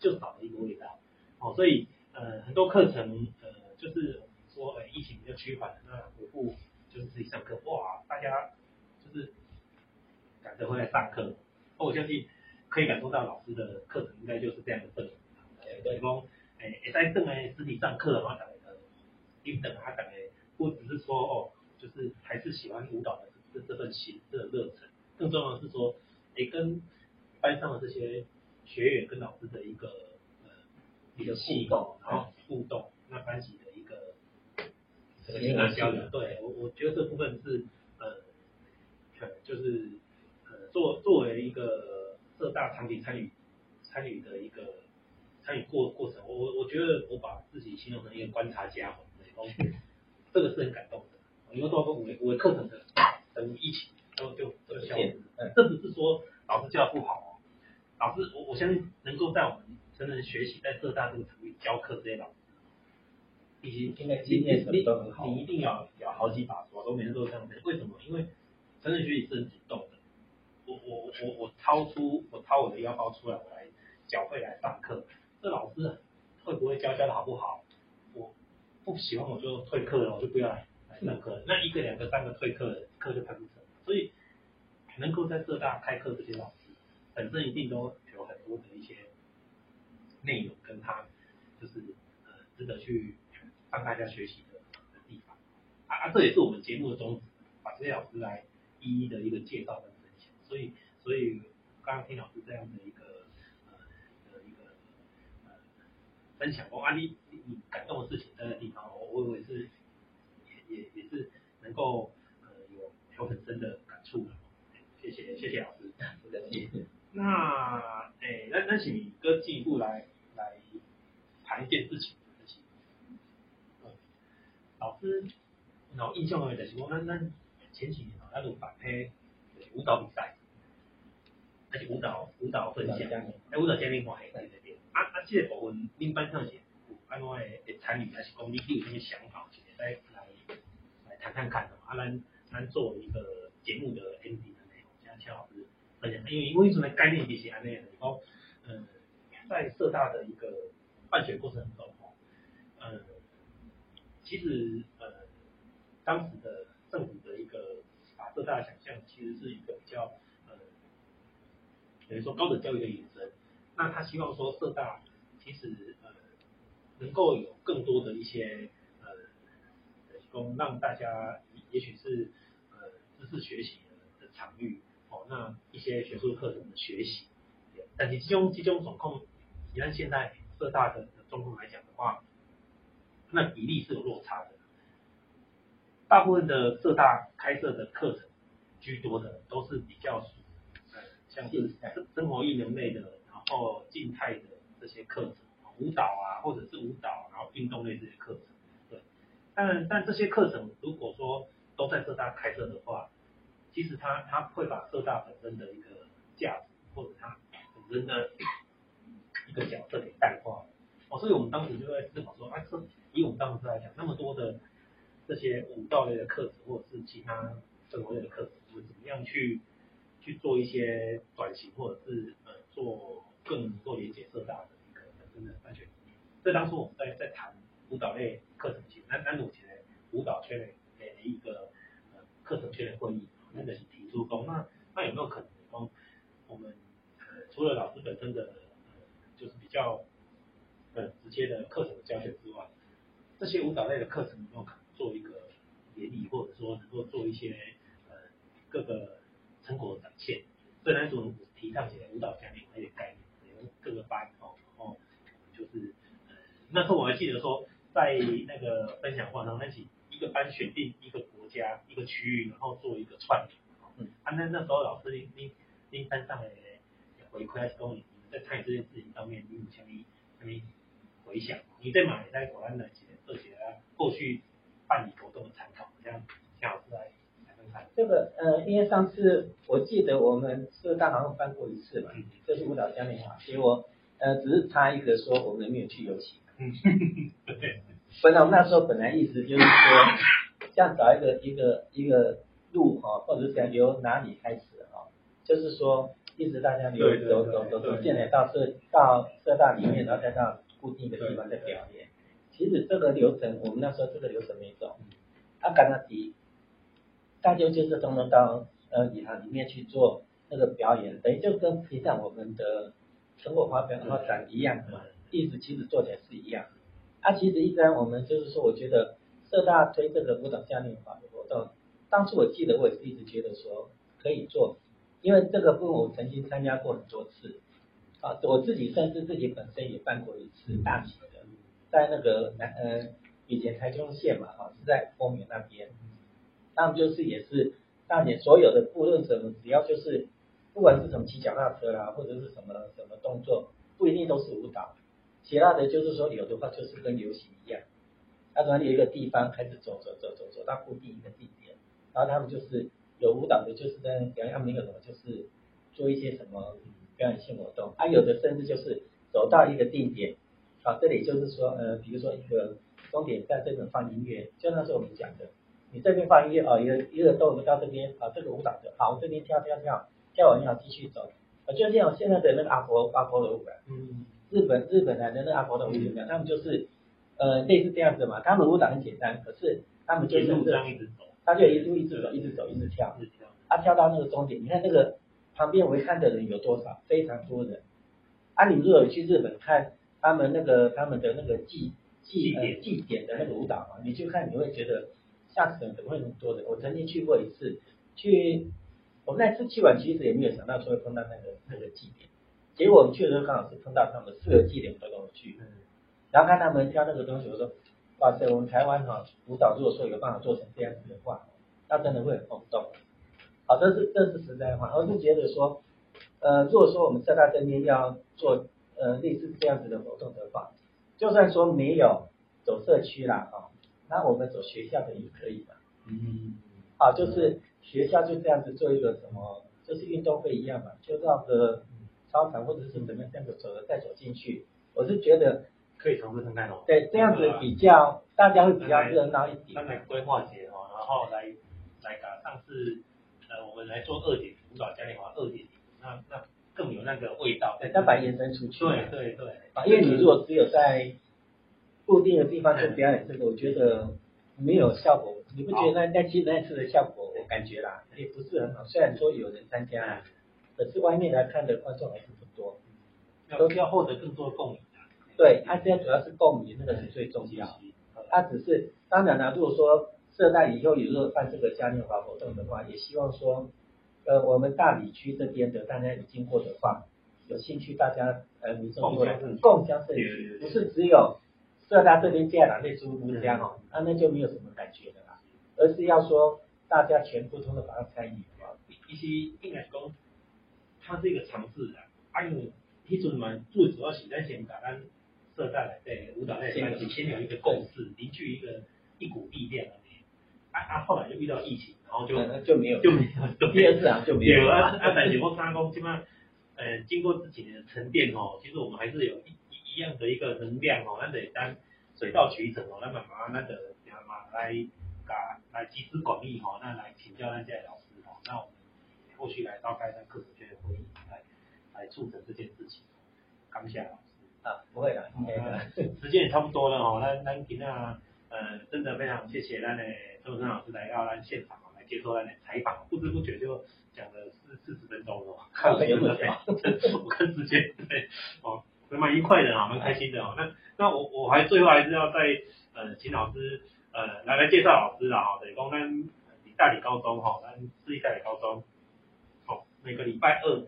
就少了一個味道哦，所以呃很多課程呃就是我們說、欸，疫情比較趨緩，那恢復。就是自己上課哇，大家就是感覺回來上課，那我相信可以感受到老師的課程應該就是這樣的氛圍。對，講誒，也在等誒，實體上課話，後講的，你等他等誒，不只是說哦，就是還是喜歡舞蹈的這這份心、這份熱忱，更重要的是說誒，跟班上的這些學員跟老師的一個一個互動，然後、嗯、互動，那班級。情感交流，對，我我覺得這部分是呃，就是呃，作作為一個浙大場景參與參與的一個參與過過程，我我我覺得我把自己形容成一個觀察家，這個是很感動的，因為說我們我們課程的等於一起，都就這個項目，這不是說老師教不好哦，老師，啊，老師我我相信能夠在我們成人學習在浙大這個層面教課這些老師。以及今天什麼都很好，你你你一定要有好幾把刷，都沒天都是這樣子。為什麼？因為成人學習是很主動的。我我我我我掏出我掏我的腰包出來，我來繳費來上課。這老師會不會教教的好不好？我不喜歡我就退課了，我就不要來上課了。嗯。那一個兩個三個退課，課就開不成了。所以能夠在社大開課這些老師，本身一定都有很多的一些內容跟他就是呃值得去讓大家學習的，的地方，啊，啊這也是我們節目的宗旨，把這些老師來一一的一個介紹和分享。所以，所以剛剛聽老師這樣的一個呃的一個呃分享，我啊你你感動的事情的、這個、地方，我我也是也是也也也是能夠呃有有很深的感觸。的，謝謝謝謝老師，不客氣 那哎、欸，那那請你更進一步來來談一件事情。老師，我印象的就是我們，那們前幾年在做白黑舞蹈比賽，那是舞蹈舞蹈分享，那舞蹈我教練看的啊啊，這個部分，恁班上是安怎的參與？還、就是講你有咩想法是，是來來來談談看的？阿、啊、蘭，阿蘭作為一個節目的 MV 的內容，這樣，請老師分享，因為因為從概念其實安然後呃在社大的一個辦學過程中。其實，呃，當時的政府的一個把社大的想象，其實是一個比較，呃，等於說高等教育的延伸。那他希望說社大其實呃能夠有更多的一些呃，提供讓大家也許是呃知識學習的場域，哦，那一些學術課程的學習，但是集中集中總控，你按現在社大的狀況來講的話。那比例是有落差的，大部分的社大開設的課程居多的都是比較，呃像是生生活藝能類的，然後靜態的這些課程，舞蹈啊或者是舞蹈，然後運動類這些課程，對，但但這些課程如果說都在社大開設的話，其實它它會把社大本身的一個價值或者它本身的一個角色給淡化。哦，所以我們當時就在思考說，啊，這以我們當時來講，那麼多的這些舞蹈類的課程，或者是其他社團類的課程，我們怎麼樣去去做一些轉型，或者是呃、嗯、做更多理解接社大的一個本身的安全理念。所以當時我們在在談舞蹈類課程前，安安目前舞蹈圈的一個呃課程圈的會議，那個是提出說，那那有沒有可能，光我們、呃、除了老師本身的呃，就是比較。呃、嗯，直接的課程的教學之外，這些舞蹈類的課程有沒有可能做一個聯誼，或者說能夠做一些呃各個成果的展現？所以我提倡起來舞蹈嘉年華的概念，連各個班哦，然、嗯、後就是呃那時候我還記得說，在那個分享會上，那幾一個班選定一個國家、一個區域，然後做一個串聯。嗯，啊那那時候老師拎拎拎班上的回饋，還說你們在參與這件事情上面，你五千米、你想，你在馬里代、果安的幾年，而且後續辦理活動的參考，這樣下出來才能看看。這個呃，因為上次我記得我們社大好像辦過一次嘛，嗯，就是舞蹈嘉年華，所以我呃只是差一個說我們沒有去遊戲。嗯，對對對。本來我們那時候本來意思就是說，這樣找一個一個一個路哈，或者是想由哪裡開始哈，就是說一直大家由走走走走進來到社，到社大裡面，然後再到。固定的地方在表演對對對，其實這個流程，嗯、我們那時候這個流程沒走，阿甘那迪，大、啊、家就是從那到呃禮堂裡面去做那個表演，等於就跟平常我們的成果發表、發展一樣的，意思其實做起來是一樣。啊，其實一般我們就是說，我覺得社大推這個舞蹈嘉年華的活動，當初我記得我也是一直覺得說可以做，因為這個部分我曾經參加過很多次。啊，我自己甚至自己本身也辦過一次大型的，在那個南呃、嗯、以前台中縣嘛，哈、哦、是在豐原那邊，那他們就是也是，當年所有的不論什麼，只要就是，不管是什麼騎腳踏車啊，或者是什麼什麼動作，不一定都是舞蹈，其他的就是說有的話就是跟遊行一樣，他從有一個地方開始走走走走走，走到固定的地點，然後他們就是有舞蹈的，就是跟講他們有什麼就是做一些什麼，表演性活動，啊，有的甚至就是走到一個地點，啊，這裡就是說，呃，比如說一個終點站，在這邊放音樂，就那時候我們講的，你這邊放音樂，哦、呃，一個一個隊伍到這邊，啊，這個舞蹈就好，我這邊跳跳跳，跳完要繼續走，啊，就像現在的那個阿婆阿婆的舞啊，日本日本來的那個阿婆的舞怎麼樣？他們就是，呃，類似這樣子嘛，他們舞蹈很簡單，可是他們就是這樣、個、一直走，他就一路一直走，一直走，一直跳，一直跳，他跳到那個終點，你看那個。旁邊圍看的人有多少？非常多的人。啊，你如果去日本看他們那個他們的那個祭祭、呃、祭典的那個舞蹈嘛，你去看你會覺得，下次怎麼會那麼多人？我曾經去過一次，去我們那次去玩，其實也沒有想到說會碰到那個那個祭典，嗯、結果我們去的時候剛好是碰到他們四個祭典在搞去，然後看他們跳那個東西，我說，哇塞，我們台灣哈，舞蹈如果說有辦法做成這樣子的話，那真的會很轟動。好，這是這是實在話，我是覺得說，呃，如果說我們在大屯這邊要做呃類似這樣子的活動的話，就算說沒有走社區啦，啊、哦，那我們走學校的也可以的。嗯，好，就是學校就這樣子做一個什麼，嗯、就是運動會一樣嘛，就讓個操場或者是怎麼樣這樣子走着再走進去。我是覺得可以重複生態哦。對，這樣子比較大家會比較熱鬧一點。他們規劃些哦，然後來來搞上次。呃，我們來做二點零舞蹈嘉年華二點那那更有那個味道，對，它把延伸出去。對對，對，因為你如果只有在固定的地方去表演這個、嗯，我覺得沒有效果。你不覺得？那其實那次的效果、哦，我感覺啦，也不是很好。雖然說有人參加，嗯、可是外面來看的觀眾還是不多。都是要獲得更多共鳴、啊、對，它、嗯啊、現在主要是共鳴，那個是最重要的。它、啊、只是，當然了、啊，如果說。社大以後如果辦這個嘉年華活動的話、嗯，也希望說，呃，我們大理區這邊的大家有經過的話，有興趣大家呃民眾共享共享，不是只有社大這邊建來那支舞家哦，那、嗯啊、那就沒有什麼感覺的啦。而是要說大家全部通的把它參與的話，一一些應該公，他這個嘗試的、啊，還有一種嘛，最主要是在先把它社大的舞蹈隊，先有一個共識，凝聚一個一股力量。啊，後來就遇到疫情，然後就就沒有，就沒有，就沒有第二次啊，就沒有了。有啊，啊，百九公，三公，基本上，呃，經過這幾年沉澱哦，其實我們還是有一一一樣的一個能量哦，那得當水到渠成哦，那慢慢那得慢慢來，來集思廣益哈，那來請教那幾位老師哈，哦，那我們後續來召開那課程圈的會議，來來促成這件事情。剛、哦、姐老師，啊，不會的、嗯嗯，時間也差不多了 哦，那那給那，呃，真的非常謝謝那嘞。程本琛老師來到來現場啊，來接受來採訪，不知不覺就講了四四十分鐘了，看時間，真這五個時間對，哦，蠻愉快的啊，蠻開心的哦、嗯。那那我我還最後還是要再呃請老師呃來來介紹老師的哦，台中南大里高中哈，南、嗯、私立大里高中，好、哦，每個禮拜二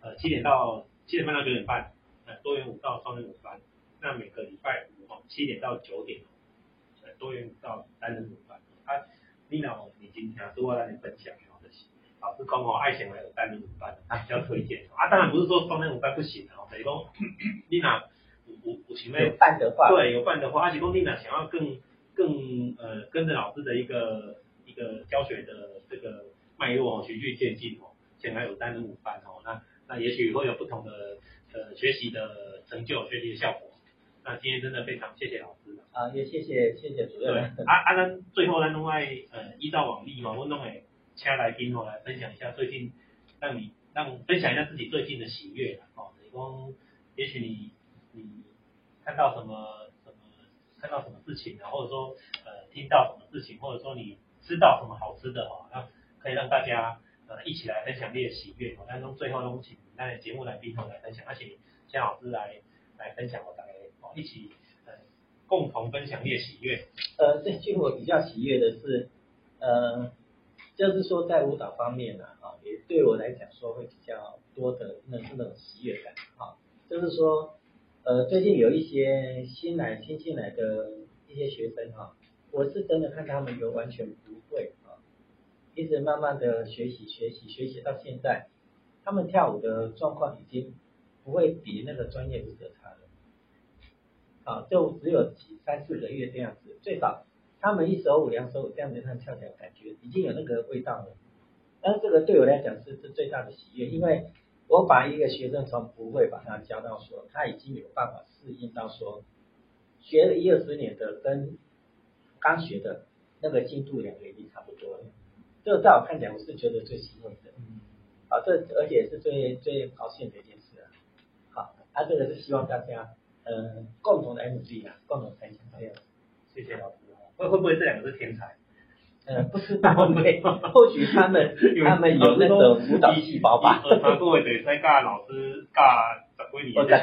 呃七點到七點半到九點半，呃多元舞蹈雙人舞班，那每個禮拜五哈、哦、七點到九點，呃多元舞蹈單人舞。啊麗娜 n 你今天啊，是要跟你分享哦，的、就、些、是、老師講哦，愛先來有單人舞伴，他比較推薦。啊，當然不是說雙人舞伴不行哦，阿吉麗娜，我我我前面有伴的，的話，對，有伴的話，阿奇公麗娜想要更更呃跟着老師的一個一個教學的這個脈絡哦，循序漸進哦，先來有單人舞伴哦，那那也許會有不同的呃學習的成就，學習的效果。那今天真的非常謝謝老師啊，啊也謝謝謝謝主任。對，啊啊，咱最後咱弄個呃，依照往例嘛，我弄個請來賓後來分享一下最近讓你讓分享一下自己最近的喜悅，哦，就是、說你供也許你你看到什麼什麼看到什麼事情，或者說呃聽到什麼事情，或者說你知道什麼好吃的哈、哦，那可以讓大家呃一起來分享這些喜悅哦，那從最後弄請那節目來賓後來分享，而且請老師來來分享我的。一起，呃，共同分享一些喜悅。呃，最近我比較喜悅的是，呃，就是說在舞蹈方面呢，哈，也對我來講說會比較多的那種那種喜悅感，哈、哦，就是說，呃，最近有一些新來新進來的一些學生哈、啊，我是真的看他們有完全不會啊，一直慢慢的學習學習學習，學習學習到現在，他們跳舞的狀況已經不會比那個專業舞者差了。啊、哦，就只有幾三四個月這樣子，最少他們一首舞兩首舞這樣子跳起來，感覺已經有那個味道了。但是這個對我來講是這最大的喜悅，因為我把一個學生從不會把他教到說他已經有辦法適應到說學了一二十年的跟剛學的那個進度兩個已經差不多了。這個在我看來我是覺得最欣慰的，好、哦，這而且是最最高興的一件事了、啊。好、哦，他、啊、這個是希望大家。呃、嗯，共同的 m g 啊，共同的 MB，謝謝老師會、嗯、會不會這兩個是天才？呃、嗯，不知道，會不會，或許他們 有他們有那種舞蹈細胞吧。他不、嗯、會對參加老師教十幾年的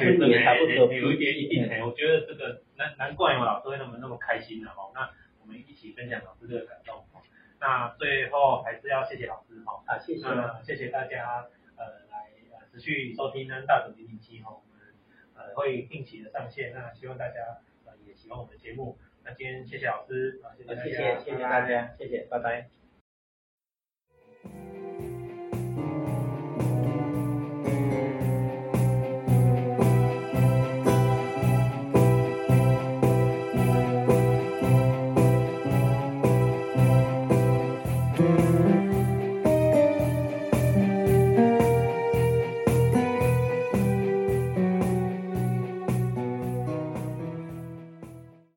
學生呢有一點、嗯、印象嘿。我覺得這個難難怪我老師會那麼那麼開心的哈。那我們一起分享老師的感動哈。那最後還是要謝謝老師哈。啊，謝、嗯、謝，謝謝大家呃來呃持續收聽呢、嗯、大屯007哈。哦呃，會定期的上線，那希望大家呃也喜歡我們的節目。那今天謝謝老師，謝謝，謝謝，拜拜，謝謝大家，謝謝，拜拜。謝謝，拜拜。